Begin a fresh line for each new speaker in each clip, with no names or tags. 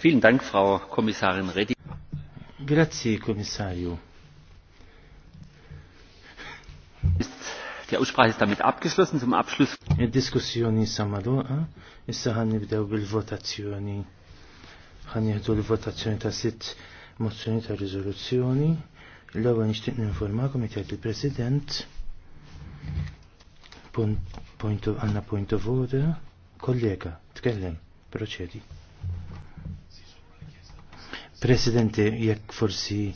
Vielen Dank, Frau Kommissarin Reding. Grazie, Kommissario. Die Aussprache ist damit abgeschlossen. Zum Abschluss. Diskussion e Il-diskussjoni samaluqa, issa ħan nibdew die Votation. ħan jihdu l-votazzjoni ta' sitt mozzjoni ta' riżoluzzjoni. L-ewwel nixtieq ninformakom jgħid il-President point of, għanna point of order, kollega, tkellem, proċedi. Presidente, jekk forsi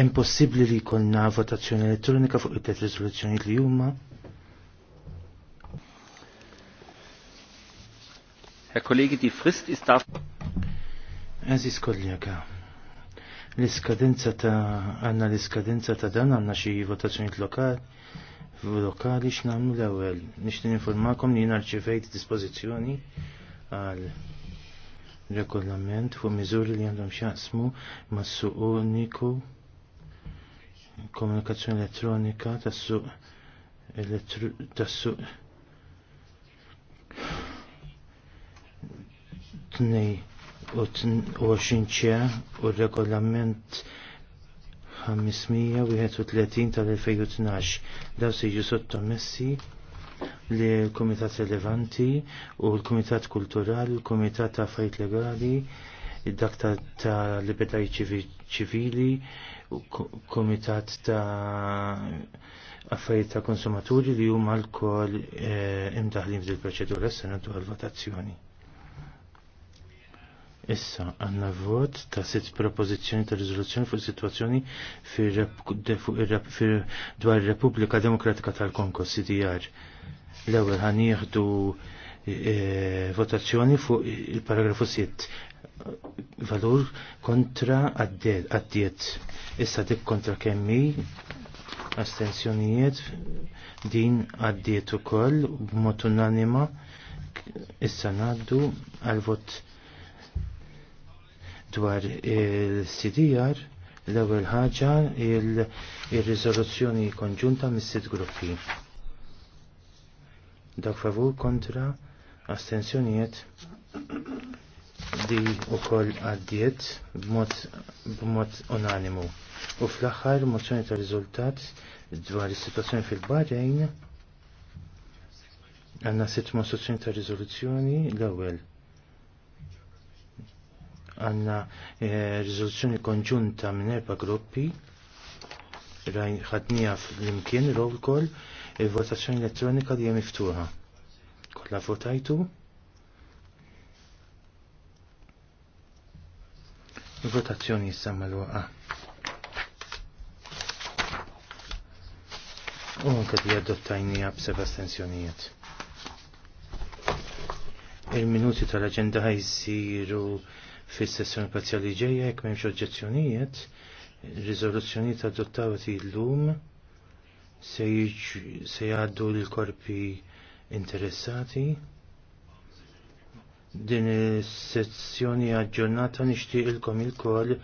impossibbli li konna votazzjoni elettronika fuq it-tet risoluzzjoni li huma. Herr Kollege, die Frist ist da. Aziz kollega, l-iskadenza ta' għanna l-iskadenza ta' dan għanna xi votazzjoni lokali lokali x'namlu l-ewwel. Nixtieq informakom li jien arċivejt dispożizzjoni għal regolament fuq miżuri li għandhom xaqsmu mas-suq uniku komunikazzjoni elettronika tas-suq tas-suq tnej u 20 u regolament 531 tal-2012 daw se sottomessi li l-Komitat Relevanti u l-Komitat Kulturali, l-Komitat ta' Fajt Legali, id ta', ta Libertaj Ċivili, Komitat ta' affarijiet ta' konsumaturi li huma l-kol eh, imdaħlin fil-proċedura s-senatu għal-votazzjoni. Issa għanna vot ta' sitt propożizzjoni ta' riżoluzzjoni fuq situazzjoni dwar Repubblika Demokratika tal-Kongo CDR. L-ewwel għan jieħdu e, votazzjoni fuq il-paragrafu 7. valur kontra għaddiet. Issa dik kontra kemmi astensjonijiet din għaddiet ukoll b'mod unanima issa ngħaddu għal vot dwar il-CDR l-ewwel ħaġa il-riżoluzzjoni konġunta mis sit gruppi. Dak favur kontra astensjonijiet di u koll għaddiet b'mod unanimu. U fl-axħar mozzjoni ta' riżultat dwar is-sitwazzjoni fil barrejn għanna sit mozzjoni ta' riżoluzzjoni l-ewwel għanna eh, rizoluzzjoni konġunta minn erba gruppi rajn ħadnija fl-imkien roll call il-votazzjoni elettronika li hija miftuħa. Kolla votajtu? Il-votazzjoni jissamma l waqa U anke li adottajnija seba astensjonijiet il-minuti tal-agenda ħajsiru fis-sessjoni parzjali ġejja jekk m'hemmx oġġezzjonijiet, riżoluzzjonijiet adottawati illum se jgħaddu l-korpi interessati. Din is-sezzjoni aġġornata nixtieq ilkom il-koll